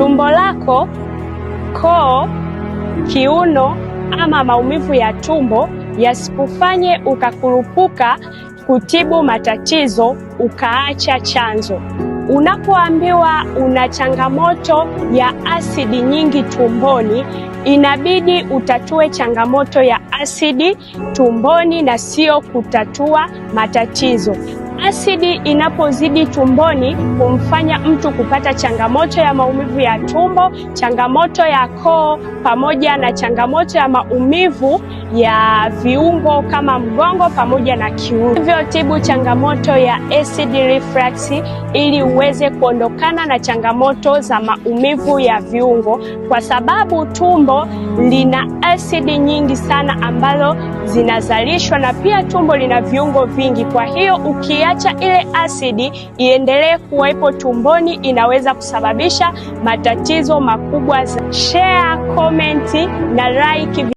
tumbo lako, koo, kiuno ama maumivu ya tumbo yasikufanye ukakurupuka kutibu matatizo ukaacha chanzo. Unapoambiwa una changamoto ya asidi nyingi tumboni, inabidi utatue changamoto ya asidi tumboni na sio kutatua matatizo asidi inapozidi tumboni humfanya mtu kupata changamoto ya maumivu ya tumbo, changamoto ya koo, pamoja na changamoto ya maumivu ya viungo kama mgongo pamoja na kiuno. Hivyo tibu changamoto ya acid reflux ili uweze kuondokana na changamoto za maumivu ya viungo, kwa sababu tumbo lina asidi nyingi sana ambalo zinazalishwa na pia tumbo lina viungo vingi. Kwa hiyo ukiacha ile asidi iendelee kuwepo tumboni, inaweza kusababisha matatizo makubwa. Share, comment na like.